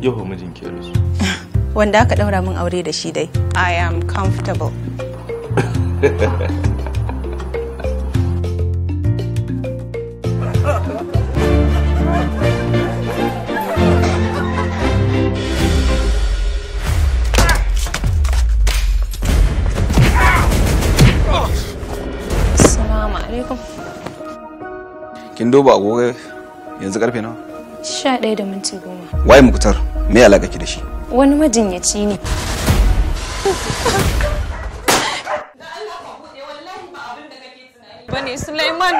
yau mijinki ya rasu wanda aka daura min aure da shi dai i am comfortable kin duba agogo yanzu karfe nawa sha ɗaya da minti goma. Waye Muktar, me alaƙa ki da shi? Wani majinyaci ne. Bane Suleiman.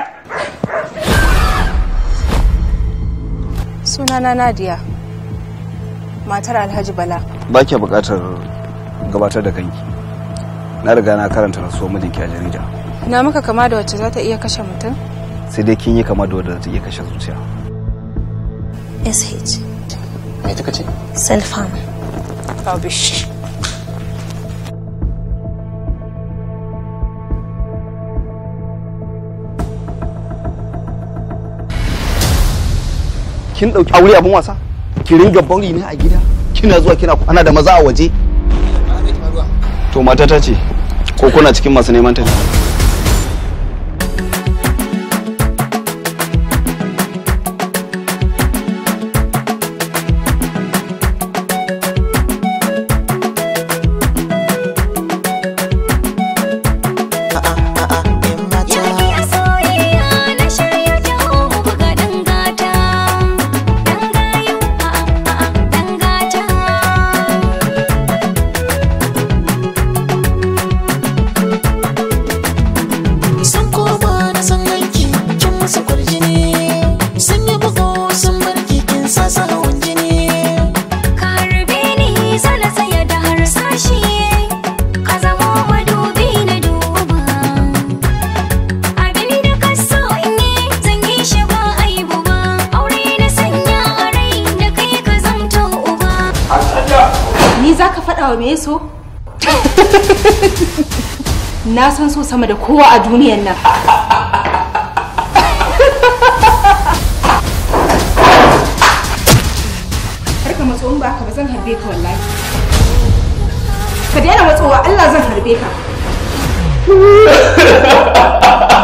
Sunana Nadia, matar Alhaji Bala. Ba ke buƙatar gabatar da kanki. Na riga na karanta rasuwar mijinki a jarida. Na maka kama da wacce za ta iya kashe mutum? Sai dai kin yi kama da wadda za ta iya kashe zuciya. SH. Me kika ce? Self Kin ɗauki aure abin wasa? Ki ringa bauri ne a gida? Kina zuwa kina kwana da maza a waje? To matata ce, ko kuna cikin masu neman ta ne? Ni za ka faɗa wa me so? Na san so sama da kowa a duniyan nan. Karka matso in ba ka ba zan harbe ka wallahi. Ka daina matsowa Allah zan harbe ka.